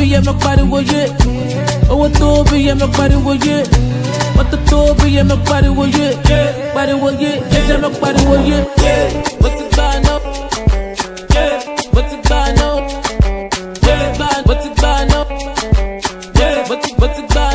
biye mo pariwo yé owó tó biye mo pariwo yé mọ́tò tó biye mo pariwo yé yeah, yé ẹsẹ̀ mo pariwo yé mo ti gbà náà mo ti gbà náà mo ti gbà náà mo ti gbà What's it ti gbà.